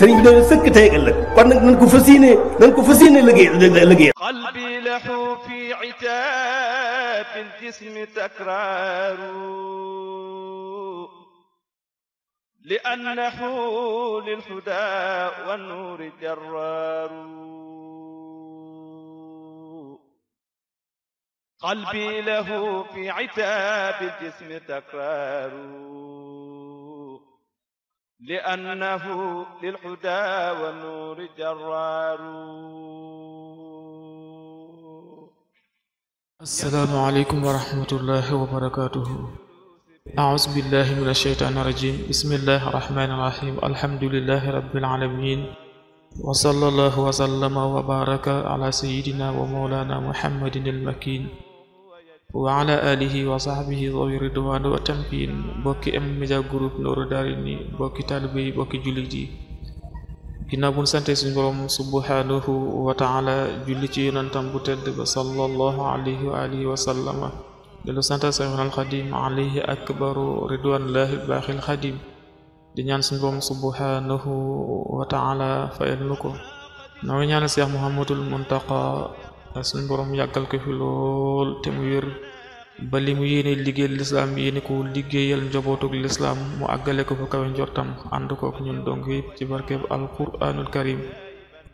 sëriñ bi dañu sëkk tey ëllëg kon nag nañ ko fas yéene nañ ko fas yéene liggéey liggéey qalbi lahu fi itab al-jism takraru li'annahu lil-huda wan-nur jarraru qalbi lahu fi itab al-jism takraru لأنه للحدى والنور جرار السلام عليكم ورحمة الله وبركاته أعوذ بالله من الشيطان الرجيم بسم الله الرحمن الرحيم الحمد لله رب العالمين وصلى الله وسلم وبارك على سيدنا ومولانا محمد المكين wa ala alihi wa sahbihi zawi ridwaan wa tamkin bokki M-Media Group Nourou Darayni bokki taalibe bokki jullit yi bu ñu sante suñu subhaanahu wa taala julli ci bu tedd ba sallallahu alayhi wa alihi wa sallama delu sante sayyidina al-Xadim alayhi akbaru ridwanullahi baaxil xadim di ñaan suñu subhaanahu wa taala fayal nu ko noo ñaan Cheikh Muhammadul Muntaqa suñ borom yàggal ko fi lool te mu wér ba li mu yéene liggéeyal lislaam yéene ko liggéeyal njabootug lislaam mu àggale ko fa kawe njortam ànd kook ñun dong yëpp ci barkeb alquranul karim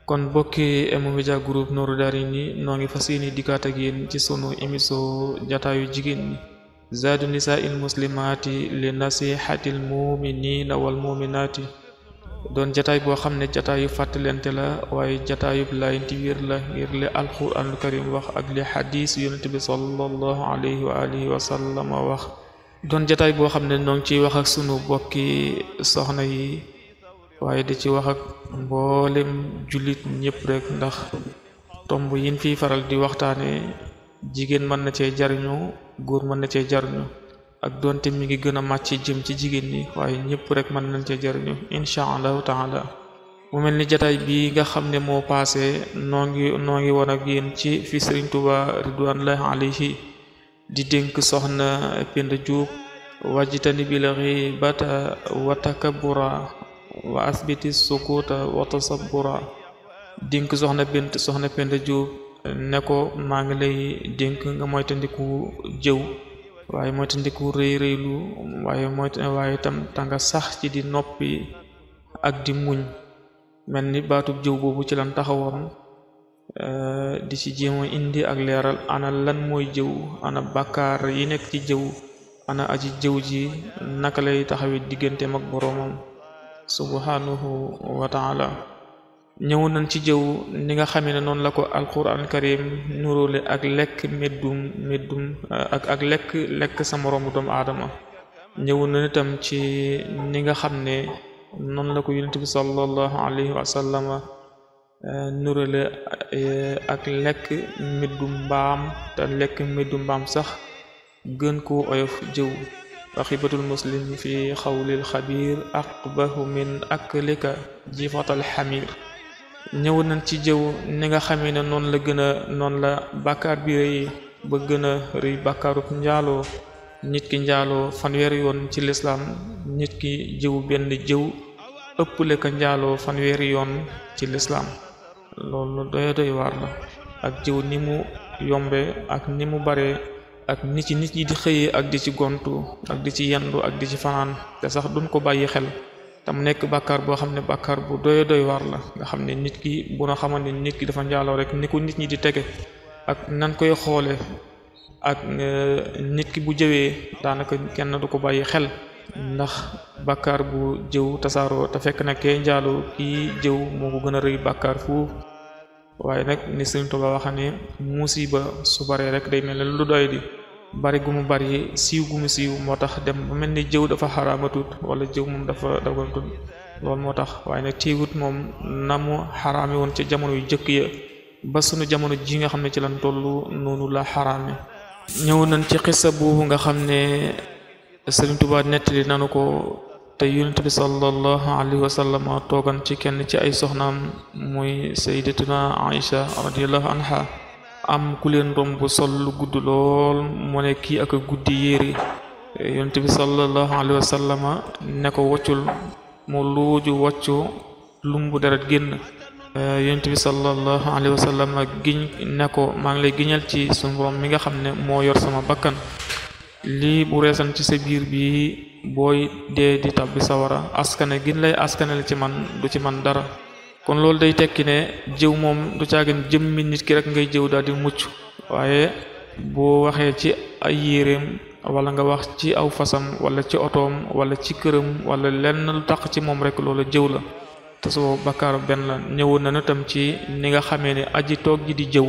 kon bokki M-Media Group Nourou Darayni noo ngi fas yéene dikkaat ak yéen ci sunu émission jataayu jigéen ñi zaadu nisaa il muslimaati li nasihatil muminina wal muminaati doon jataay boo xam ne jataayu fàttalente la waaye jataayu laayinti biir la ngir li alquranul karim wax ak li xadis yonent bi sallallahu alayhi wa alihi wax doon jataay boo xam ne noo ngi ciy wax ak sunu bokki soxna yi waaye di ci wax ak mboolem jullit ñëpp rek ndax tomb yin fi faral di waxtaane jigéen mën na cee jariñu góor mën na cee jariñu ak donte mi ngi gën a màcc jëm ci jigéen ñi waaye ñëpp rek mën nañ cee jariñu incha allahu taala mu mel ni jataay bi nga xam ne moo paase noo ngi noo ngi woon ak yéen ci fi Sëriñ Tuuba ridwanullahi alayhi di dénk soxna Penda Diop wajitani bil ghibata wa takabbura wa asbiti sukuta wa tasabbura dénk soxna bint soxna Penda Diop ne ko maa ngi lay dénk nga moytandiku jëw waaye mooy te ndiku rëy rëylu waaye mooy waaye itam tanga sax ci di noppi ak di muñ mel ni baatub jëw boobu ci lan taxawoon eh, di ci jéema indi ak leeral ana lan mooy jëw ana bàkkaar yi nekk ci jëw ana aji jëw ji naka lay taxawee diggante ak boroomam subhanahu wa ñëw nañ ci jëw ni nga xamee ne noonu la ko alquran karim nuróole ak lekk méddum méddum euh, ak ak lekk lekk sa moroomu doomu aadama ñëw na tam ci ni nga xam ne noonu la ko yonent bi sallallahu alayhi wa sallama euh, nuróole euh, ak lekk méddum mbaam te lekk méddum mbaam sax gën koo oyof jëw axibatul muslim fi xawlil xabiir aqbahu min aklika jifatal xamir ñëw nañ ci jëw ni nga xamee ne noonu la gën a noonu la bàkkaar bi rëy ba gën a rëy bàkkaarub njaaloo nit ki njaaloo fanweeri yoon ci lislaam nit ki jëw benn jëw ëpple njaaloo fanweeri yoon ci lislaam loolu doya doy waar la ak jëw ni mu yombe ak ni mu bare ak nit ci nit ñi di xëyee ak di ci gontu ak di ci yendu ak di ci fanaan te sax duñ ko bàyyi xel te mu nekk bàkkaar boo xam ne bàkkaar bu doy doy waar la nga xam ne nit ki bu nga xaman ne nit ki dafa njaaloo rek ni ko nit ñi di tege ak nan koy xoole ak euh, nit ki bu jëwee daanaka kenn du ko bàyyi xel ndax bàkkaar bu jëw tasaaroo ta fekk na kee njaaloo kii jëw moo ko gën a rëy bàkkaar fu waaye nag ni Sëriñ Tuubaa waxa ne musiba su baree rek day mel ne lu doy di bari gu mu bari siiw gu mu siiw moo tax dem ba mel ni jëw dafa xaraamatut wala jëw moom dafa dagantul loolu moo tax waaye nag téewut moom na mu xaraame woon ca jamono yu jëkk ya ba sunu jamono jii nga xam ne ci lan tollu noonu la xaraame ñëw nañ ci xisa boobu nga xam ne Sëriñ Tuubaa nettali nanu ko te yonent bi sallallahu alayhi wa sallam toogan ci kenn ci ay soxnaam muy sayyidatuna Aïcha radiyallahu anha am ku leen romb sol lu gudd lool mu ne kii ak a guddi yére yonent bi sallallahu alayhi wa sallam ne ko woccul mu luuju wàccu lumbu deret génn yonent bi sallallahu alayhi wa sallam giñ ne ko maa ngi lay giñal ci sunu borom mi nga xam ne moo yor sama bakkan lii bu reesan ci sa biir bi booy dee di tàbbi sawara askane gin lay askanel ci man du ci man dara kon loolu day tekki ne jëw moom du caagin jëmmi nit ki rek ngay jëw daal di mucc waaye boo waxee ci ay yéreem walla nga wax ci aw fasam wala ci otoom wala ci këram walla lenn lu tax ci moom rek loola jëw la te soo bakkaar benn la ñëwoon na tam ci ni nga xamee ne aji toog ji di jëw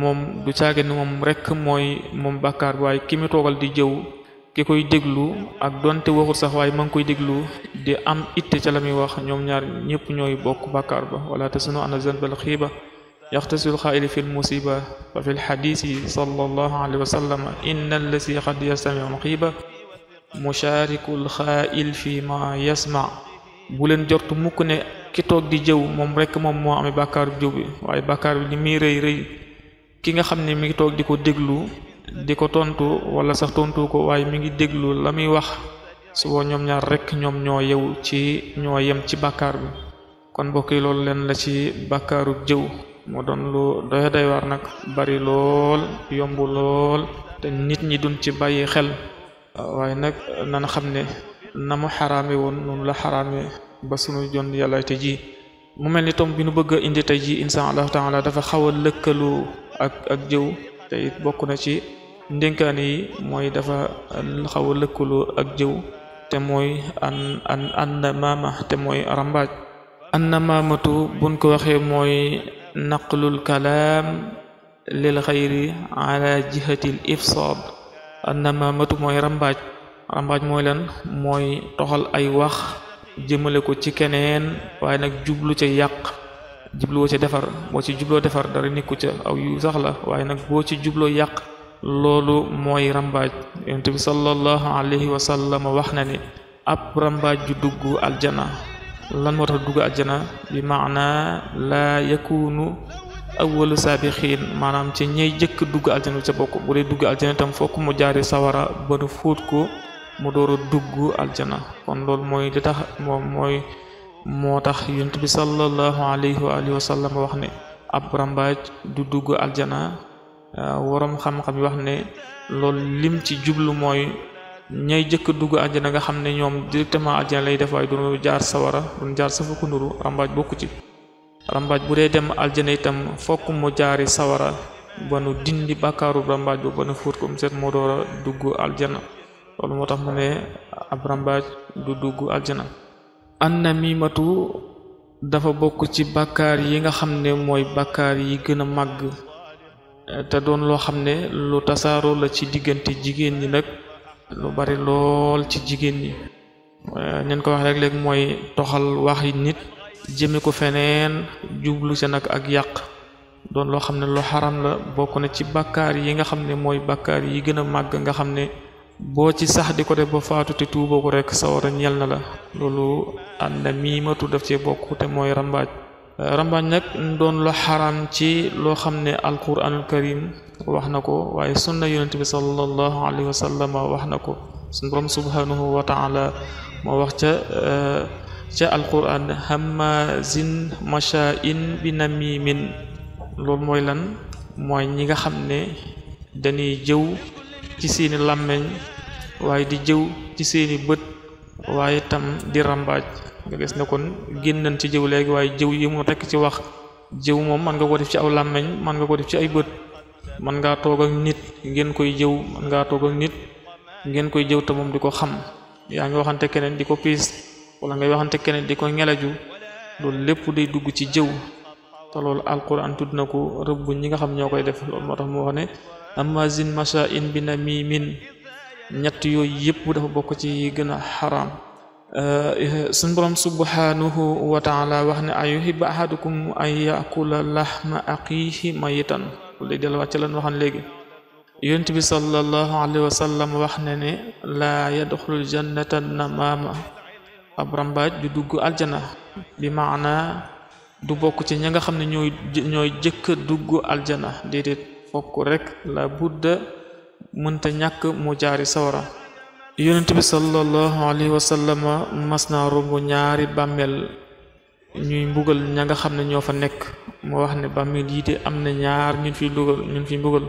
moom du caagin moom rekk mooy moom bakkaar waaye ki mu toogal di jëw ki koy déglu ak donte waxul sax waaye ma ngi koy déglu di am itte ca la muy wax ñoom ñaar ñëpp ñooy bokk bàkkaar ba wala tasunu ana zanbal xiiba yaxtasul xaayili fi lmusiba wa fi lxadisi sallallahu alayhi wa sallam inna allasi qad yastamiu lxiiba mushaariku lxaayil fi ma yasma bu leen jortu mukk ne ki toog di jëw moom rekk moom moo amee bàkkaar bu bi waaye bàkkaar bi li muy rëy rëy ki nga xam ne mi ngi toog di ko déglu di ko tontu wala sax tontu ko waaye mi ngi déglu la muy wax suba ñoom ñaar rek ñoom ñoo yew ci ñoo yem ci bakkaar bi kon mbokk yi loolu leen la ci bàkkaaru jëw moo doon lu doy day nag bari lool yomb lool te nit ñi duñ ci bàyyi xel waaye nag nana xam ne na mu xaraame woon noonu la xaraame ba sunu jon yàlla te ji mu mel ni tom bi nu bëgg a indi tey ji insha allah taala dafa xaw a lëkkaloo ak ak jëw te it bokk na ci ndénkaane yi mooy dafa xaw a ak jëw te mooy an an annamaama te mooy rambaaj annamaamatu buñ ko waxee mooy naqlul kalaam lil xayri ala jihatil ifsaad annamaamatu mooy rambaaj rambaaj mooy lan mooy toxal ay wax jëmale ko ci keneen waaye nag jublu ca yàq jubluwoo ca defar moo ci jubloo defar dara nekku ca aw yu sax waaye nag boo ci jubloo yàq loolu mooy rambaaj yonent bi sallallahu alayhi wa sallam wax na ni ab rambaaj ju dugg aljana lan moo tax dugg aljana bi maana laa yakunu awwalu saabixiin maanaam ci ñey jëkk dugg aljana ca bokk bu dee dugg aljana tam mu jaare sawara ba nu ko mu door dugg aljana kon loolu mooy li tax moom mooy moo tax yonent bi sallallahu alayhi wa alihi wa sallam wax ne ab rambaaj du dugg aljana waroom xam-xam yi wax ne loolu lim ci jublu mooy ñay jëkk dugg àjjana nga xam ne ñoom directement àjjana lay def waaye jaar sawara du jaar safa ku nuru rambaaj bokku ci rambaaj bu dee dem aljana itam fokk mu jaari sawara ba nu dindi bàkkaaru rambaaj bu ko mu seet moo door dugg aljana loolu moo tax mu ne ab rambaaj du dugg aljana annamimatu dafa bokk ci bàkkaar yi nga xam ne mooy bàkkaar yi gën a màgg te doon loo xam ne lu tasaaroo la ci diggante jigéen ñi nag lu bari lool ci jigéen ñi ñeen ko wax rek léegi mooy toxal wax yi nit jëme ko feneen jublu seen ak ak yàq doon loo xam ne lu xaram la bokk na ci bàkkaar yi nga xam ne mooy bàkkaar yi gën a màgg nga xam ne boo ci sax di ko def ba faatu te tuuboo ko rek sawara ñeel na la loolu an na miimatu daf cee bokk te mooy rambaaj rambaaj nag doon lu xaraam ci loo xam ne alquranul karim wax na ko waaye sunna yonent bi sallallahu alayhi wa wax na ko sunu borom subhanahu wa taala moo wax ca eh, ca alquran hamazin mashaa'in bi namimin loolu mooy lan mooy ñi nga xam ne dañuy jëw ci seeni làmmiñ waaye di jëw ci seeni bët waaye tam di rambaaj nga gis ne kon génn nañ ci jëw léegi waaye jëw yi mu rekk ci wax jëw moom man nga ko def ci aw làmmeñ man nga ko def ci ay bët man ngaa toog ak nit ngeen koy jëw man ngaa toog ak nit ngeen koy jëw te moom di ko xam yaa ngi waxante keneen di ko piis wala ngay waxante keneen di ko ngelaju loolu lépp day dugg ci jëw te loolu alquran tudd na ko rëbb ñi nga xam ñoo koy def loolu moo tax mu wax ne amazin masha in bi na mii miin ñett yooyu yëpp dafa bokk ci gën a xaraam Eh, eh, suñ borom subhanahu wa wax ne ayuhibbu ahadukum an yakula lahma aqihi mayitan lay delluwaat ci lan waxan léegi yonent bi sallallahu alayhi wax ne ne laa yadxulul jannata namaama ab rambaaj du dugg aljana bi maana du bokk ci ña nga xam ne ñooy jëkk dugg aljana déedéet fokk rek la budda mënta ñàkk mu jaari sawara yonent bi sallallahu alayhi wa mas naa romb ñaari bàmmeel ñuy mbugal ña nga xam ne ñoo fa nekk moo wax ne bàmmeel yi de am na ñaar ñun fi mbugal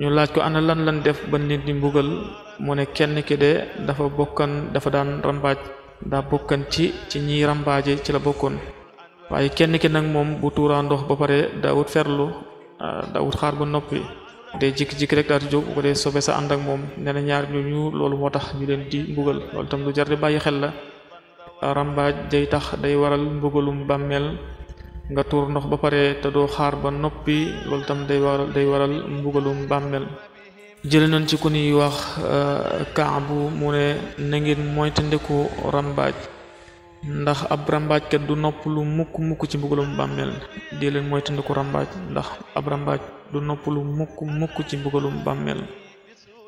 ñu laaj ko ana lan lan def ba nit di mbugal mu ne kenn ki de dafa bokkan dafa daan rambaaj daa bokkan ci ci ñiy rambaaje ci la bokkoon waaye kenn ki nag moom bu tuuraa ba pare daawut ferlu daawut xaar ba noppi day jikki-jikki rek daal di ko dee sobe sa ànd ak moom nee na ñu ñooñu loolu moo tax ñu leen di mbugal loolu tam lu jar di bàyyi xel la rambaaj day tax day waral mbugalum bàmmeel nga tuur ndox ba pare te doo xaar ba noppi loolu tam day waral day waral mbugalum bàmmeel jële nañ ci ku ñuy wax euh, kaabu mu ne na ngeen moytandiku rambaaj ndax ab rambaajkat du nopp lu mukk mukk ci mbugalum bàmmeel di leen moytandiku rambaaj ndax ab rambaaj du noppalu mukk mukk ci mbugalum bàmmeel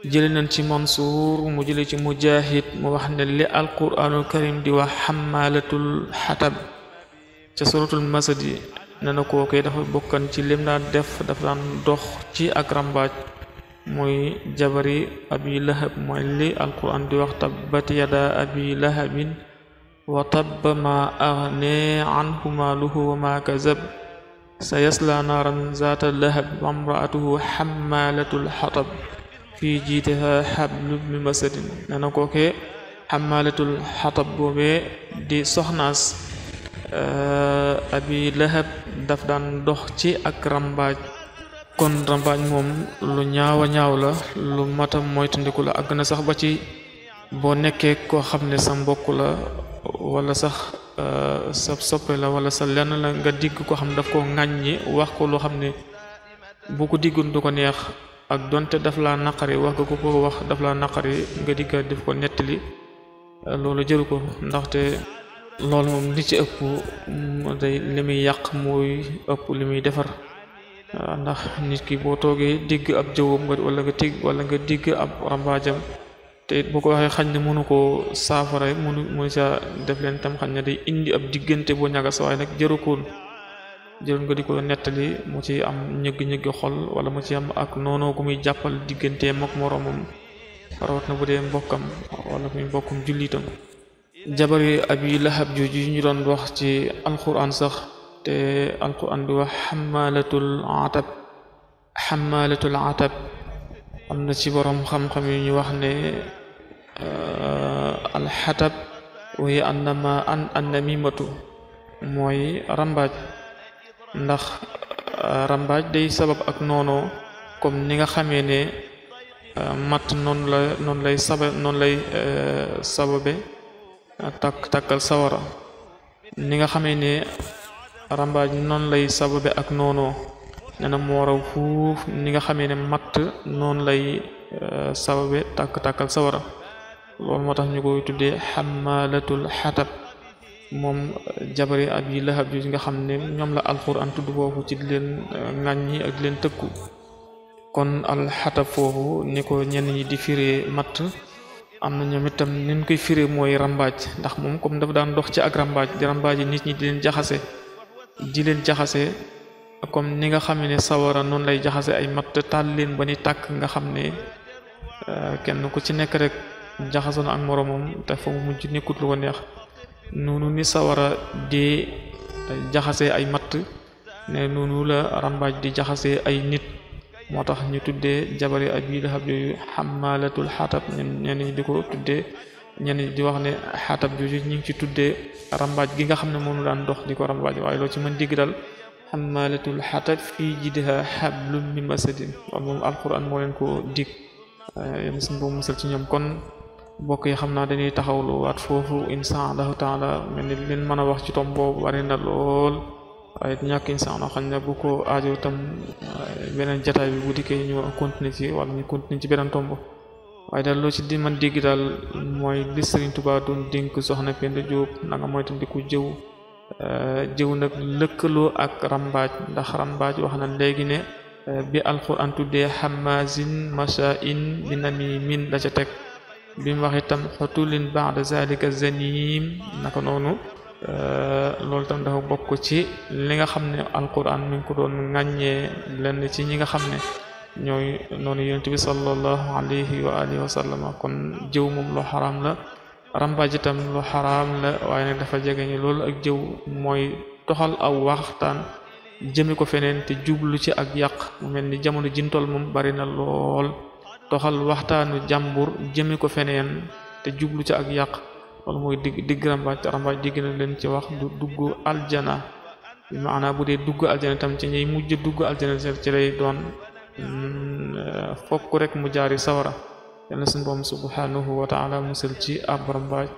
jële nañ ci Mansuur mu jële ci Mujaahid mu wax ne li alquraanul karim di wax xamaalatul xatab ca suratul masad yi ne na kookee dafa bokkan ci lim laa def dafa daan dox ci ak rambaaj muy jabari abi lahab mooy li alquraan di wax tabbat yada abi lahabin wa tabba agne anhu maaluhu wa ma kazab sayasla naaran zaata lahab wa imraatuhu xammaalatul xatab fii jiitiha xablu min masadin nee na kookee xammaalatul xatab boobee di soxnaas abi lahab daf daan dox ci ak rambaaj kon rambaaj moom lu ñaawa ñaaw la lu matam moytandiku la àgg na sax ba ci boo nekkee koo xam ne sa mbokk la wala sax Euh, sa soppe la wala sa lenn la nga digg ko xam daf koo ŋàññi wax ko loo xam ne bu ko diggoon du ko neex ak donte daf laa naqari wax nga ko ko wax daf laa naqari nga digga def ko nettali euh, loolu jëru ko ndaxte loolu moom li ci ëpp day li muy yàq mooy ëpp li muy defar euh, ndax nit ki boo toogee digg ab jëwam nga wala nga tigg wala nga digg ab rambaajam te it bu ko waxee xañ ne mënu koo saafara mënu mënu sa def leen tam xañ ne day indi ab diggante bu ñagas waaye nag jëru koon jëru nga di ko nettali mu ci am ñëgg-ñëgg xol wala mu ci am ak noonu gu muy jàppal digganteem ak moroomam rawat na bu dee mbokkam wala muy mbokkum jullitam jabari abi lahab jooju ñu doon wax ci alquran sax te alquran bi wax xamalatul atab xamalatul atab am na ci boroom xam-xam yu ñu wax ne euh, alxatab waye annama an annamimatu mooy rambaaj ndax euh, rambaaj day sabab ak noonoo comme ni nga xamee ne euh, matt noonu la noonu lay saba noonu lay sababe takk takkal sawara ni nga xamee ne rambaaj noonu lay sababe ak noonoo nee na moo fuuf ni nga xamee ne matt noonu lay euh, sababe tàkk-tàkkal sawara loolu moo tax ñu koy tuddee xamalatul xatab moom jabari abi lahab ji nga xam ne ñoom la alquran tudd foofu ci di leen euh, ŋàññi ak di leen tëkku kon alxatab foofu ni ko ñenn ñi di firee matt am na ñoom itam ni koy firee mooy rambaaj ndax moom comme dafa daan dox ci ak rambaaj di rambaaj yi nit ñi di leen jaxase di leen jaxase comme ni nga xam ne sawara noonu lay jaxase ay matt taal leen ba ni tàkk nga xam ne euh, kenn ku ci nekk rek jaxase na ak moroomam te fa mu mujj nekkut lu ko neex noonu ni di euh, jaxase ay matt ne noonu la rambaaj di jaxase ay nit moo tax ñu tuddee jabari abi lahab yooyu xamalatul xatab ñenn ñi di ko tudde ñenn di wax ne xatab jooju ñu ngi ci tuddee rambaaj gi nga xam ne moom daan dox di ko rambaaj waaye loo ci mën digg dal xamalatul xatab fii jidha xablum min masadin loolu moom alquran moo leen ko dig yéen suñ boobu musal ci ñoom kon mbokk yi xam naa dañuy taxawlu waat foofu insha allahu taala mel ni leen man a wax ci tom boobu bari na lool waaye ñàkk insha allah xam ne bu ko aajo itam beneen jataay bi bu dikkee ñu continuer ci wala ci beneen tomb waaye daal loo ci di man daal mooy li Sëriñ Tuubaa doon dénk soxna Penda Jóob na nga moytandiku jëw Euh, jëw nag lëkkaloo ak rambaaj ndax rambaaj wax na léegi ne euh, bi alquran tuddee hamazin masha'in bi namimin la ca teg bi mu wax itam xutulin ba'da zalika zanim naka noonu euh, loolu tam dafa bokk ci li nga xam ne alquran mi ngi ko doon ŋàññee lenn ci ñi nga xam ne ñooy noonu yonent bi sallallahu alayhi wa alihi wa sallam kon jëw moom loo xaram la rambaaj itam lu xaraam la waaye nag dafa jege ñu loolu ak jëw mooy toxal aw waxtaan jëmmi ko feneen te jublu ci ak yàq mu mel ni jamono jintool moom bari na lool toxal waxtaanu jàmbur jëmmi ko feneen te jublu ci ak yàq loolu mooy digg digg rambaaj te rambaaj digg na leen ci wax du dugg aljana bi maanaa bu dee dugg aljana itam ci ñuy mujj dugg aljana ci lay doon hmm, fokk rek mu jaari sawara yal na suñu boom subhanahu wa taala musal ci ab rambaaj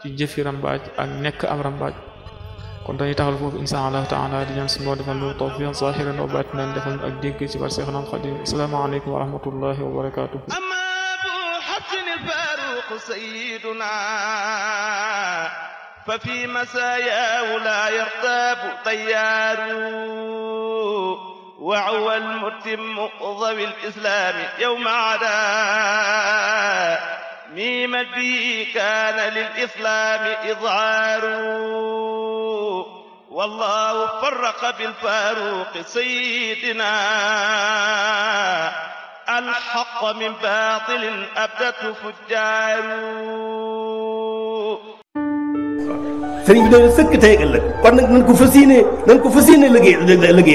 ci jëfi rambaaj ak nekk ab rambaaj kon dañuy taxal foofu insha allah taala di ñaan suñu boom defal ñu tawfiq zahiran wa batinan defal ñu ak dégg ci bar Seexna Xadim asalaamaaleykum wa rahmatullahi wa barakatuhu ففي مساياه لا يرتاب طيار وهو المتم ذوي الإسلام يوم عدا ميم بي كان للإسلام إظهار والله فرق بالفاروق سيدنا الحق من باطل أبدته فجار sëriñ bi de sëkk tey ëllëg kon nag nañ ko fas yéene nañ ko fas yéene liggéey liggéey